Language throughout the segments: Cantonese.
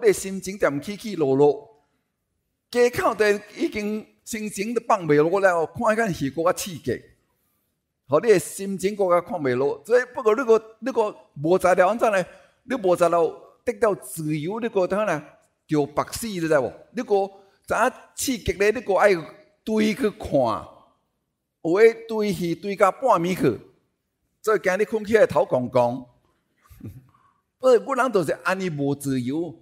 你的心情點起起落落，街口都已經心情都放唔落嚟哦，看迄間戲歌啊刺激，我你嘅心情更較看唔落。所以不過你個你個無才調安怎呢？你無才調得到自由呢個通呢？叫白死你知無？如果一刺激咧，你對個愛對伊去看，或者追戲對到半暝去，再驚啲困起來頭光光。唔 我諗到就係你無自由。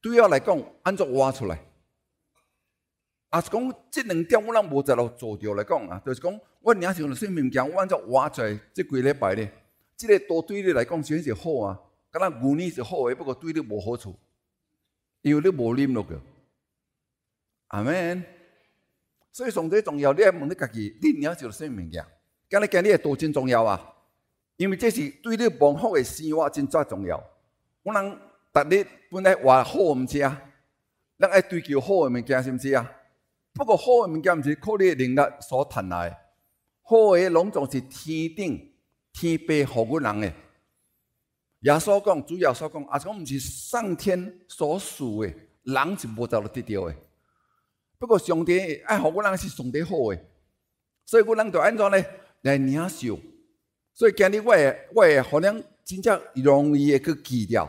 對我來講，安怎活出來，啊？是講即兩點我諗無在度做着來講啊，就是講我領着啥物件，我安怎活出來即幾禮拜咧，即、這個都對你來講先是好啊，敢若牛奶是好嘅，不過對你無好處，因為你無啉落去。阿們，所以上最重要，你愛問你家己，你領着啥物件，今日今日嘅都真重要啊，因為這是對你無後嘅生活真最重要，我諗。你本來話好毋知啊，咱愛追求好嘅物件，是毋是啊？不過好嘅物件毋是靠你嘅能力所趁來嚟，好嘅攏總是天頂天俾乎阮人嘅。耶穌講，主耶穌講，阿講毋是上天所屬嘅，人就無走到得到嘅。不過上帝愛乎阮人是上帝好嘅，所以阮人着安怎咧來,來領受。所以今日我我互能真正容易去記牢。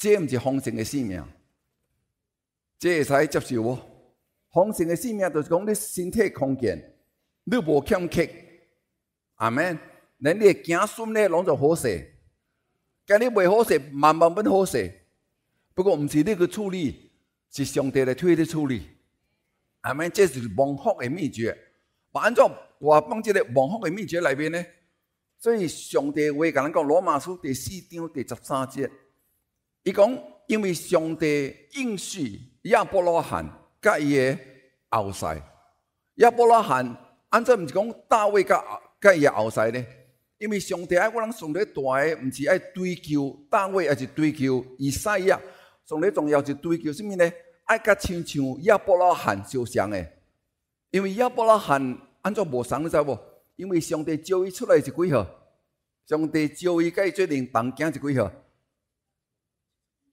這毋是豐盛嘅性命，這會使接受哦、啊。豐盛嘅性命就是講你身體康健，你無欠缺。阿、啊、妹，人誒囝孫咧攏做好勢，假如未好勢，慢慢要好勢。不過毋是你去處理，是上帝嚟推你處理。阿、啊、妹，這是蒙福誒秘訣。我按我講，即個蒙福誒秘訣裏邊呢，所以上帝話，甲咱講羅馬書第四章第十三節。伊講，因為上帝應許亞伯拉罕佮伊嘅後世，亞伯拉罕安怎毋是講大衛佮伊嘅後世呢？因為上帝愛我哋上帝大嘅毋是愛追求大衛，而是追求伊賽亞。上帝重要是追求啥物呢？愛甲親像亞伯拉罕受傷嘅，因為亞伯拉罕安怎無像，你知無？因為上帝召伊出來是幾歲，上帝召伊佮伊做陣同行是幾歲。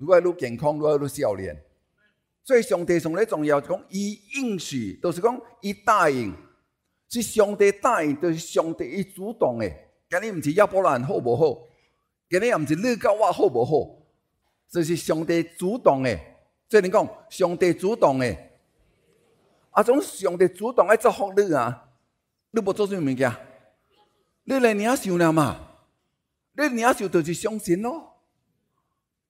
愈來愈健康，愈來愈少年。所以上帝上咧重要是，就講伊應許，都是講伊答應。是上帝答應，都、就是上帝伊主動誒。今日毋是亞伯蘭好唔好？今日也唔是你教我好唔好？就是上帝主動誒。即你講，上帝主動誒。啊種上帝主動來祝福你啊！你無做甚物物件？你來領受了嘛？你領受著是相信咯。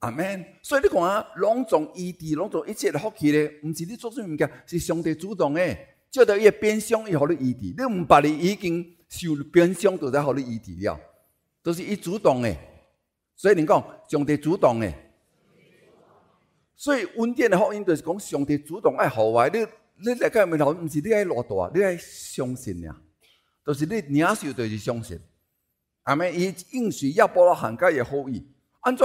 阿妹，所以你看啊，攏從異地，攏從一切嚟福氣咧，唔是你做啥物物件，是上帝主動嘅。借到伊嘅變相，要互你異地，你毋白你已經受變相，就再互你異地了，都是伊主動嘅。所以你講上帝主動嘅，所以恩典嘅福音就是講上帝主動愛何懷你，你嚟緊門口唔是你愛偌大，你愛相信呀，都是你領受，就是相信。阿、就、妹、是，伊、就是、應許亞伯拉罕家嘅後裔。安怎？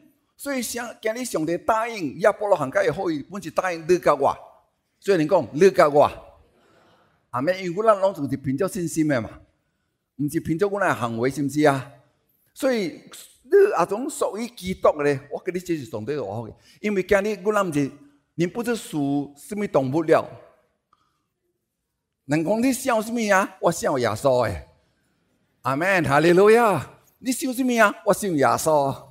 所以，今日上帝答應亞伯拉罕家也可以，本是答應你加我。所以人講你加我，阿、啊、妹，因為咱攏做是憑照信心嘅嘛，唔是憑照我哋行為，是不是啊？所以你阿種屬於基督嘅咧，我給你繼續上帝話嘅。因為今日我哋唔是，你不知屬什麼動物了。人講你信什麼呀、啊？我信耶穌嘅。阿、啊、門，哈利路亞！你信什麼呀、啊？我信耶穌。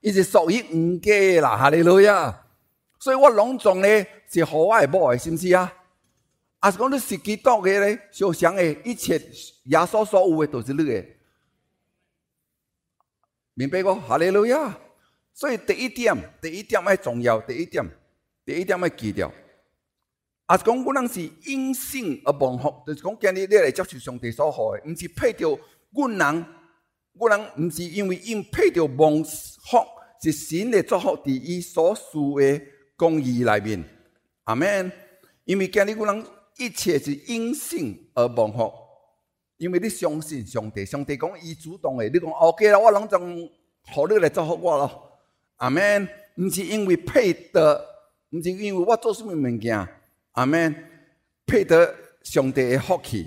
伊是屬於毋五的啦，哈利路亞，所以我隆重的是何愛不的，是毋是啊？啊，是講你實際多嘅咧，肖想的一切，亞所所有的，都是你的明白無，哈利路亞。所以第一點，第一點要重要，第一點，第一點要記着啊。是講阮人是因信而蒙福，就講、是、今日你嚟接受上帝所好嘅，毋是配着阮人。我人唔是因為因配得蒙福，是神嚟作福喺伊所屬嘅公義內面。阿們，因為今日我人一切是因信而蒙福，因為你相信上帝，上帝講伊主動嘅，你講哦，OK 啦，我人將可你來作福我咯。阿們，唔是因為配得，唔是因為我做啥物物件，阿們配得上帝嘅福氣。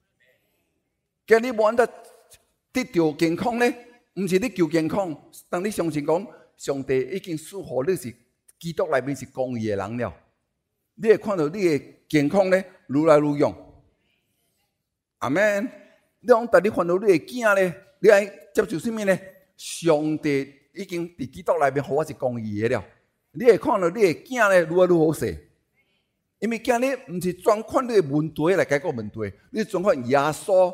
今日無安怎得到健康咧，毋是你求健康，當你相信講上帝已經賜福你是基督內面是公義嘅人了。你會看到你嘅健康咧，愈來愈勇。阿門！你講逐日看到你嘅囝咧，你愛接受啥物咧？上帝已經佇基督內面互我是公義嘅了。你會看到你嘅囝咧，愈來愈好勢。因為今日毋是專看你嘅問題來解決問題，你專看耶穌。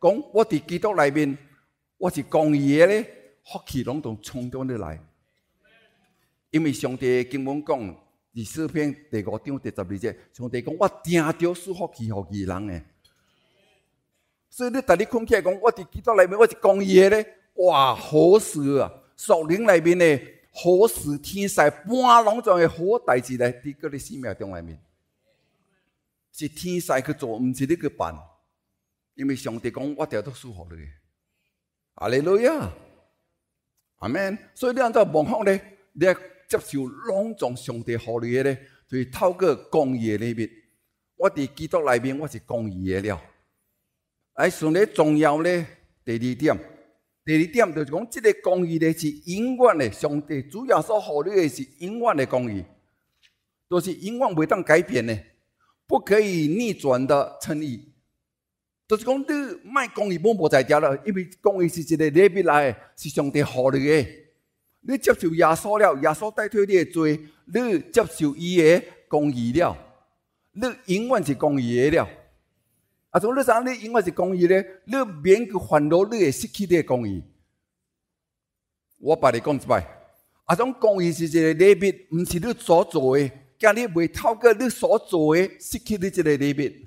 講我佇基督內面，我是公義嘅咧，福氣攏都衝到你來。因為上帝經文講，詩篇第五章第十二節，上帝講我定着賜福，去予伊人誒，所以你逐日困起講，我佇基督內面，我是公義嘅咧，哇，好事啊！屬靈內面嘅好事天，天使半攏仲係好代志嚟，佇佫你生命中內面，是天使去做，毋是你去辦。因為上帝講我哋都祝福你，阿利亞，阿們，所以你按照方法咧，你要接受兩種上帝乎你嘅咧，就是透過公義嘅裏面，我佇基督內面，我是公義嘅了。而最重要咧，第二點，第二點就是講，即個公義咧是永遠嘅，上帝主要所乎你嘅是永遠嘅公義，都、就是永遠袂當改變嘅，不可以逆轉的誠意。真理。就是講，你賣講伊無無在嗲了，因為講伊是一個禮物來，是上帝呼你嘅。你接受耶穌了，耶穌代替你嘅罪；你接受伊嘅公義了，你永遠是公義嘅了。啊，種你知影，你永遠是公義咧，你免去煩惱，你會失去你嘅公義。我把你講一擺，啊，種公義是一個禮物，毋是你所做嘅，叫你袂透過你所做嘅失去你即個禮物。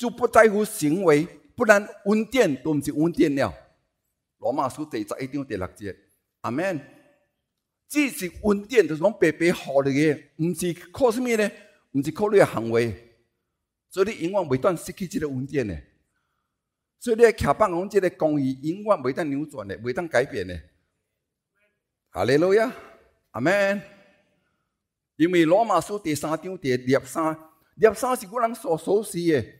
就不在乎行為，不然恩典都唔是恩典了。羅馬書第十一章第六節，阿門。這是恩典，就是講白白好你嘅，唔是靠什麼呢？唔是靠你嘅行為，所以你永遠未當失去這個恩典嘅。所以你企辦公室嘅公義，永遠未當扭轉嘅，未當改變嘅。哈利路亞，阿門。因為羅馬書第三章第廿三、廿三是國人所熟悉嘅。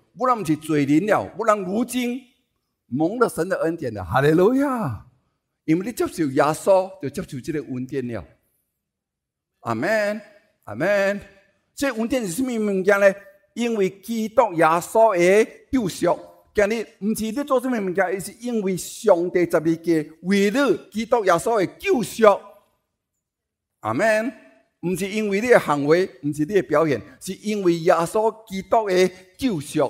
我諗唔是罪人了，我諗如今蒙了神的恩典了，哈利路亞！因為你接受耶穌，就接受這個恩典了。阿們，阿們，這恩典是咩物件呢？因為基督耶穌嘅救贖。今日唔是你做咩物件，而是因為上帝十字架為你基督耶穌嘅救贖。阿們，唔是因為你嘅行為，唔是你嘅表現，是因為耶穌基督嘅救贖。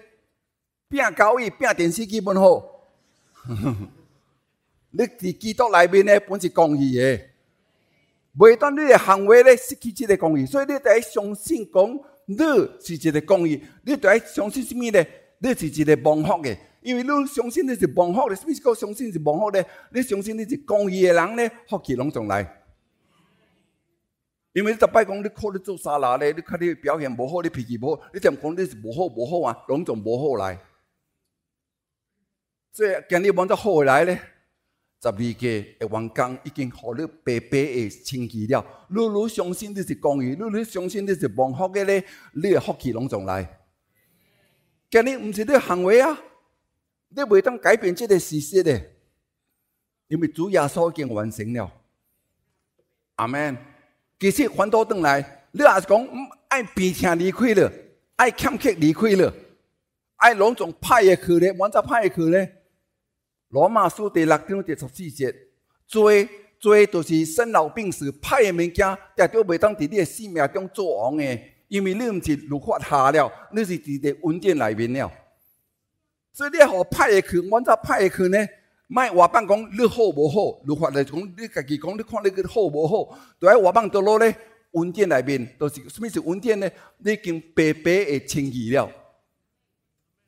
拼交易，拼電視機，本好。 你佇基督內面呢，本是公義嘅，袂當你嘅行為咧失去一個公義，所以你着愛相信講，你是一個公義。你着愛相信甚物呢？你是一個蒙福嘅，因為你相信你是蒙福咧。甚物叫相信是蒙福咧？你相信你是公義嘅人咧，福氣攏總來。 因為你逐擺講你靠你做沙拉咧，你看你表現無好，你脾氣無好，你點講你是無好無好啊？攏總無好來。所以今日望到後來咧，十二個員工已經互你白白嘅清潔了。如果你相信你是公義，如果相信你是蒙福嘅咧，你嘅福氣攏總來。今日毋是你行為啊，你唔當改變即個事實嘅，因為主耶穌已經完成了。阿門。其實反倒轉來，你若是講毋愛鼻聽離開了，愛坎坷離開了，愛攏總歹嘅去咧，望到歹嘅去咧。羅馬書第六章第十四節，做做就是生老病死，歹嘅物件，絕對袂當佇你嘅性命中做王嘅，因為你毋是律法下了，你是佇佇恩典內面了。所以你若好歹嘅去，阮怎歹嘅去呢？莫話講你好無好，律法來講你家己講，你看你個好無好？愛話講倒落咧，恩典內面，都、就是啥物是恩典呢？你已經白白嘅清理了。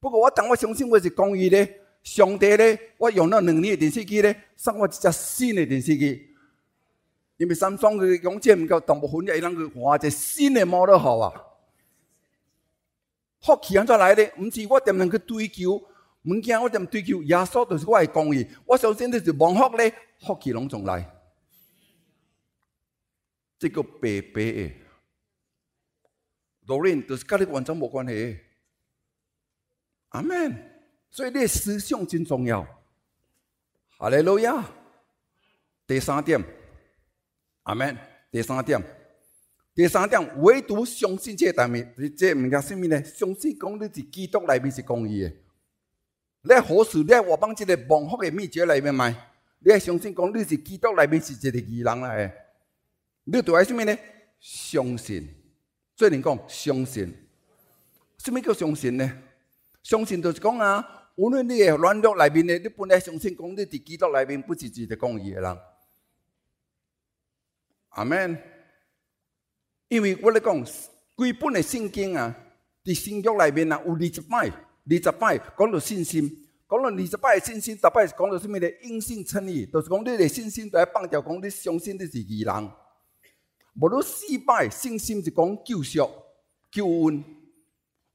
不過我等我相信我是公義咧，上帝咧，我用了兩年的電視機咧，送我一隻新的電視機，因為三雙嘅養健毋夠，動物的人去，看，隻新的摩托好啊。福氣安怎來咧？毋是我點樣去追求物件，我點追求？耶穌就是我的公義，我相信汝是蒙福咧，福氣攏仲來。這個白白的 o r 就是甲你完全無關係。阿門，所以你誒思想真重要。哈利路亞，第三點，阿門，第三點，第三點，唯獨相信即個層面，即個唔叫什物咧？相信講你是基督內面是公義誒。你係好事，你係活喺即個蒙福嘅秘訣內面埋，你係相信講你是基督內面是一個義人嚟誒，你對外什物咧？相信，最緊講相信，什物叫相信呢？相信著是講啊，無論你誒軟弱內面誒，你本來相信講你喺基督內面不是一個公義嘅人，阿、啊、門，因為我哋講，基本誒聖經啊，喺新約內面啊，有二十擺，二十擺講到信心，講到二十擺誒信心，逐擺係講到什物咧？因信稱義，著是講你嘅信心著要放下，講你相信你是義人。無論四擺信心就講救贖、救恩。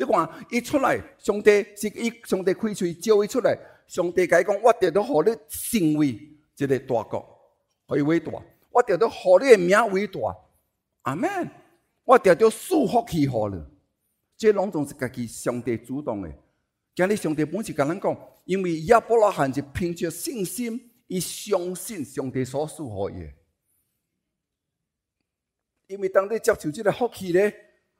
你看，啊，伊出來，上帝是伊，上帝開喙召伊出來，上帝甲伊講，我得到，互你，成為一個大國，互伊偉大，我得到，互你嘅名偉大，阿門，我得到，祝福去互你，即攏總是家己上帝主動嘅。今日上帝本是甲咱講，因為亞伯拉罕是憑着信心，伊相信上帝所賜伊嘅，因為當你接受即個福氣咧。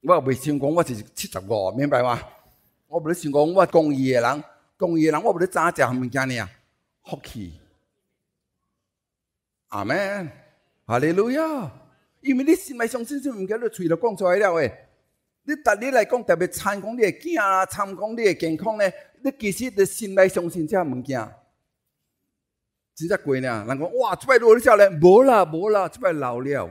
我唔會想講，我是七十五，明白嗎？我唔會想講，我講伊嘅人，講伊嘅人，我無咧知影食啥物件啊！福氣，阿妹，哈利路亞！因為你心內相信，只物件，你喙度講出來了。你逐日來講特別參講你嘅囝啦，參講你嘅健康咧，你其實你心內相信只物件。真正貴呢，人講哇，出嚟攞啲笑嚟，無啦無啦，出嚟老了。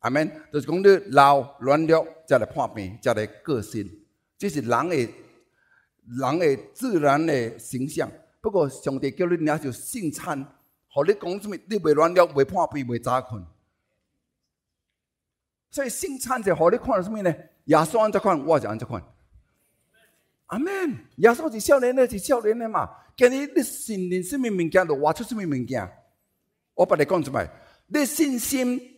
阿免，就是講你老軟弱，才來破病，才來過身，這是人誒，人誒自然誒形象。不過上帝叫你咧就聖餐，互你講什麼？你袂軟弱，袂破病，袂早困。所以聖餐就互你看到什麼呢？耶穌安怎款，我就安怎款。阿免，耶穌是少年誒，是少年誒嘛？今日你信念什麼物件，就挖出什麼物件。我把你講出埋，你信心，心。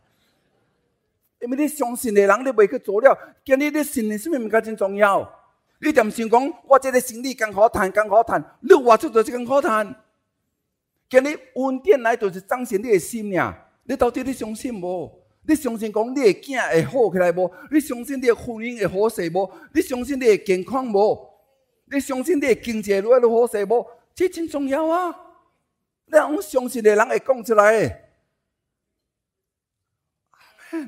因為你相信嘅人，你袂去做了。今日你信嘅啥物物件真重要？你掂想講，我即個生理咁好談，咁好談，你活出咗即咁好談？今日恩典來，就是彰顯你嘅心呀。你到底你相信無？你相信講，你嘅囝會好起來無？你相信你嘅婚姻會好勢無？你相信你嘅健康無？你相信你嘅經濟越來越好勢無？這真重要啊！你講相信嘅人會講出來。阿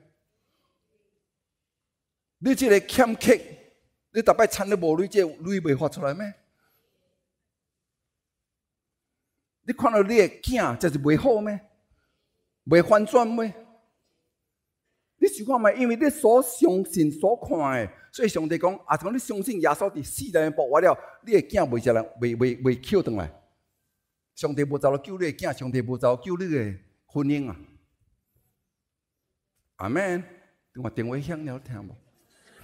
你即個欠客，你逐擺趁了無鐳，即鐳袂發出來嗎？你看到你嘅囝，真是袂好嗎？袂反轉嗎？你想看唛？因為你所相信、所看嘅，所以上帝講，啊，阿講你相信耶穌，佇世內面復活了，你嘅囝袂食人，袂袂袂救返來。上帝無走路救你嘅囝，上帝無走路救你嘅婚姻啊！阿門。我電話響了，聽無。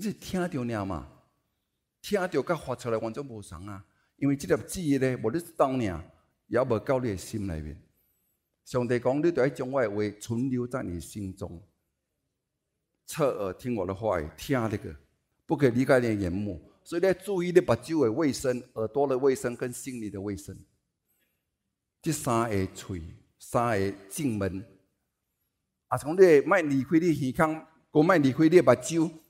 你聽到念嘛？聽到甲發出來完全無像啊！因為即粒記憶咧，無你當念，也無到你嘅心裏面。上帝講，你對喺將我誒話存留在你的心中，側耳聽我的話，聽這個，不可離開你個眼目。所以咧，注意你目睭嘅衛生、耳朵的衛生跟心理的衛生，這三下嘴，三下進門。阿是講你誒，唔要離開你耳孔，唔要離開你目睭。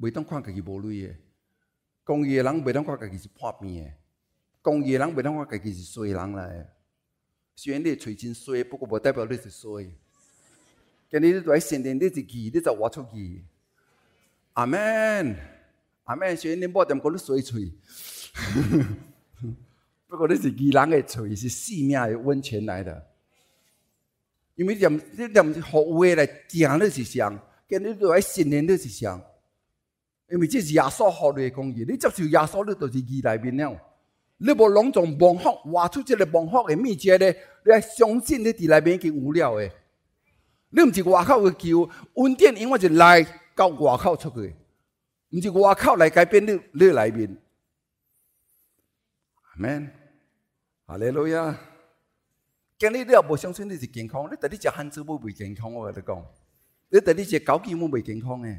未當看家己無錢嘅，公義嘅人未當看家己是破病嘅，公義嘅人未當看家己是衰人來嘅。雖然你喙真衰，不過無代表你是衰。今日你着愛承認，你是魚，你就活出魚。阿門，阿門。雖然恁某踮講你洗喙， 不過你是魚人嘅喙，是生命嘅温泉來的。因為點、就是，你服務話來講，講你是誰？今日你着愛承認你是誰？就是因為這是耶穌賦的工具，你接受耶穌，你就是義裏面了。你無攏從蒙福挖出這個蒙福的秘訣呢？你相信你佇裏面已經無了的。你唔是外口的求，恩典永遠是來到外口出去，唔是外口來改變你你裏面。阿門。阿里路亞。今日你阿無相信你是健康，你第日就食番薯唔健康。我跟你講，你第日就食枸杞唔健康誒。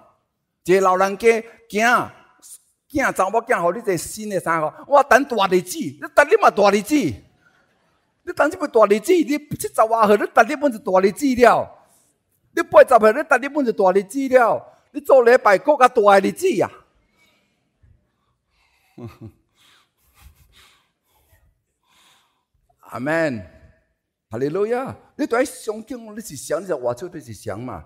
一個老人家驚，驚查某囝，互你一個新嘅衫褲。我等大日子，你等你嘛大日子，你等即要大日子，你七十外歲，你等你本就大日子了；你八十歲，你等你本就大日子了。你做禮拜過較大嘅日子呀！阿門，哈利路亞！你佇喺上敬，你是啥？你就活出你是啥嘛？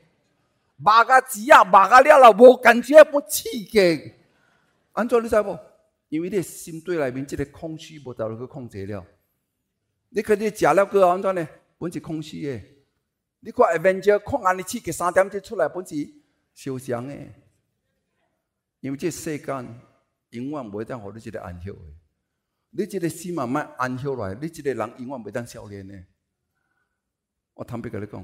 擘個字啊，擘個了啦，冇感覺，冇刺激。安怎你知冇？因為你心對內面一個空虛，冇到去控制了。你可能食了過後，安怎呢？本是空虛的。你看下面這個空安尼刺激，三點就出來，本是受傷的。因為這個世間永遠唔會等我你一個安息。你一個心慢慢安息落來，你一個人永遠唔會消少的。我坦白同你講。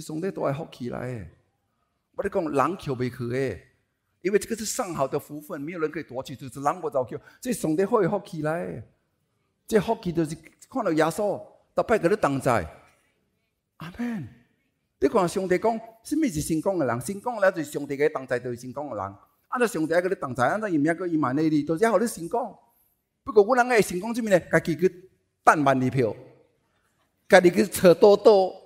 上帝都會福氣嚟，我哋講人求袂去嘅，因為即個是上好的福分，沒有人可以奪取，是求求好好就是人唔能夠叫。即上帝會以福氣嚟，即係福氣就是看到耶穌，特別嗰啲同在。阿門！你看上帝講，什麼是成功嘅人？成功咧就是上帝嘅同在，就是成功嘅人。啊，你上帝嗰啲同在，啊，你唔係以馬內利，都係後啲成功。不過阮人我哋成功即咩咧？家己去賺萬二票，家己去找多多。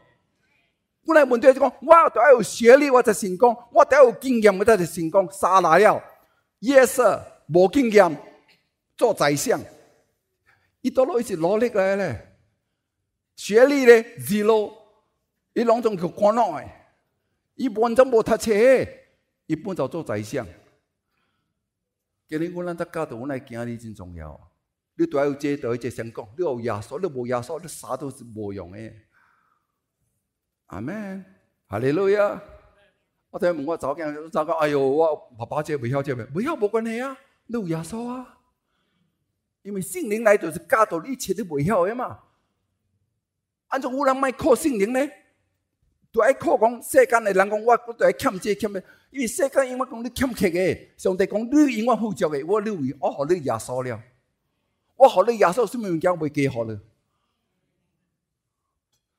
我來問題就講，我都愛有學歷，我才成功；我都愛有經驗，我才成功。沙來了，耶穌無經驗做宰相，伊多落一直努力嘅咧。學歷咧，二六，伊攏總佢國內，完全無讀冊，伊本就做宰相。我今日我諗，啲家庭我誒驚你真重要。你都愛有這，都要成功，你有耶穌，你無耶穌，你啥都是無用誒。阿門，哈利路亞！我聽問，我早驚早講，哎喲，我爸爸即個唔曉即個唔曉，無關係啊！你有耶穌啊？因為聖靈嚟就是教導你一切你唔曉嘅嘛。安怎有人，唔係靠聖靈呢？都愛靠講世間嘅人講，我我都愛欠這欠咩？因為世間永遠講你欠缺嘅，上帝講你永遠富足嘅，我為我，互汝耶穌了，我學你耶穌了，我學你耶穌，什麼物件會給好呢？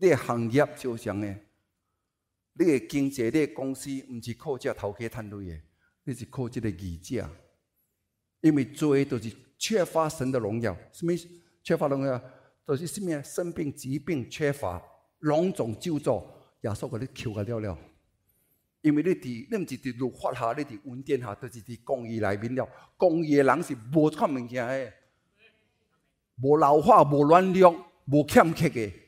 你個行業就像呢，你個經濟、你個公司，毋是靠即個頭殼趁錢嘅，你是靠即個義氣。因為做誒都是缺乏神的榮耀，什物缺乏榮耀，都、就是什物啊，生病疾病缺乏，膿腫救助，耶穌給你 cure 了了。因為你佇，你毋是佇律法下，你佇云天下，都、就是佇公義內面了。公義嘅人是無差物件嘅，無老化，無軟弱，無欠缺嘅。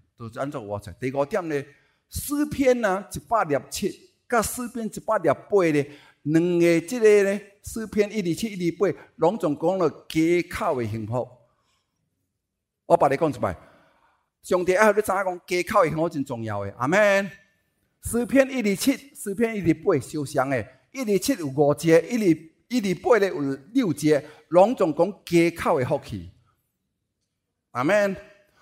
就是按怎活出，第五點咧，詩篇啊一百廿七，甲詩篇一百廿八咧，兩個即個咧，詩篇一二七一二八，攏總講到家口嘅幸福。我把你講一擺，兄弟啊，你知影講家口嘅幸福真重要誒。阿們。詩篇一二七，詩篇一二八，受傷誒，一二七有五節，一二一二八咧有六節，攏總講家口嘅福氣，阿們。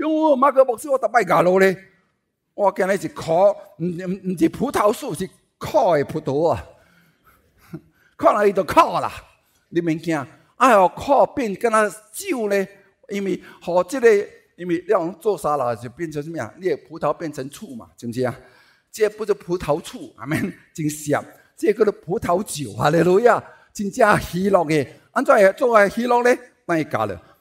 因為馬可波斯，我逐擺加了咧。我今日是烤，唔唔是葡萄樹，是烤的葡萄啊。看來伊都烤啦，你免驚，哎喲，烤變敢若酒咧，因為吼即個？因為讓做沙拉就變成啥物啊？你的葡萄變成醋嘛，是毋是啊？這不是葡萄醋，阿門，真澀。這個叫做葡萄酒啊，列路啊，真正喜樂嘅。安怎會做愛喜樂咧？敗加了。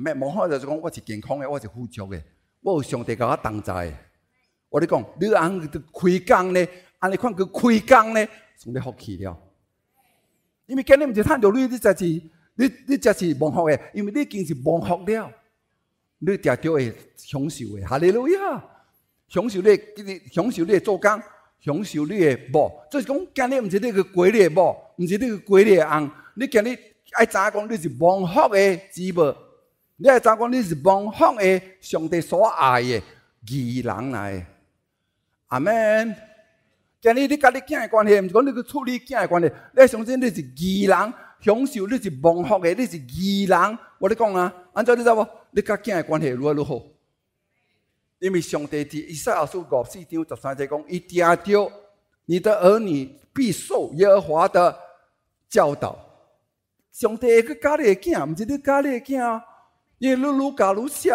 咩？冇好就是講，我是健康的，我是富足的，我有上帝共我同在。我跟你講，你阿紅開工呢？安尼看佢開工呢？算你福氣了。因為今日唔是趁著你，你才是，你你才是無福的，因為你已經是無福了，你嗲到的享受嘅。哈利路亞，享受你，享受你做工，享受你的某。即、就是講，今日唔是你去改你的某，唔是你去改你嘅翁。你今日要知講，你是無福的，知無？你係怎講？你是蒙福嘅，上帝所愛嘅義人嚟、啊。阿們，今日你甲你囝嘅關係，毋是講你去處理囝嘅關係。你相信你是義人，享受你是蒙福嘅，你是義人。我咧講啊，安怎你知無？你甲囝嘅關係愈來愈好，因為上帝在以賽亞書五十四章十,十三節講：伊聽着你的兒女必受耶和華的教導。上帝會去教你嘅囝，毋是你教你嘅囝。因為你愈教愈識，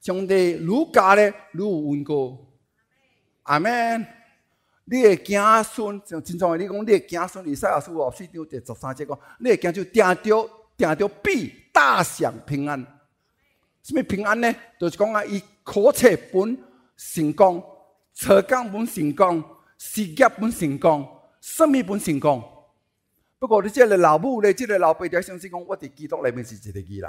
兄弟愈教咧愈穩固。阿妹，你嘅子孫像今朝你講，你嘅子孫而家廿四五歲，就第十三節講，你嘅就定着定着必大享平安。咩平安呢？就係講啊，以口才本成功，才幹本成功，事業本成功，生命本成功。不過你即個老母呢，即個老爸就相信講，我喺基督裏面是一個異人。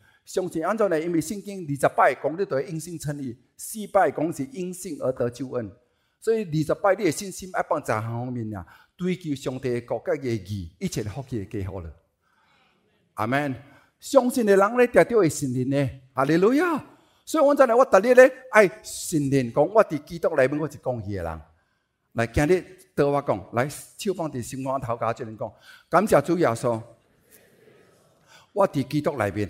相信安怎呢？因為聖經二十八講，你著會因信稱義，四八講是因信而得救恩。所以二十八，你誒信心愛放十何方面呀？追求上帝誒國家嘅義，一切福氣會給好你。阿門！相信誒人咧，得到嘅信任呢？哈利路亞。所以安怎呢？哎、我逐日咧愛信任講我佇基督內面，我是公義嘅人。來，今日綴我講，來手放佇心肝頭甲我這樣講，感謝主耶穌。我佇基督內面。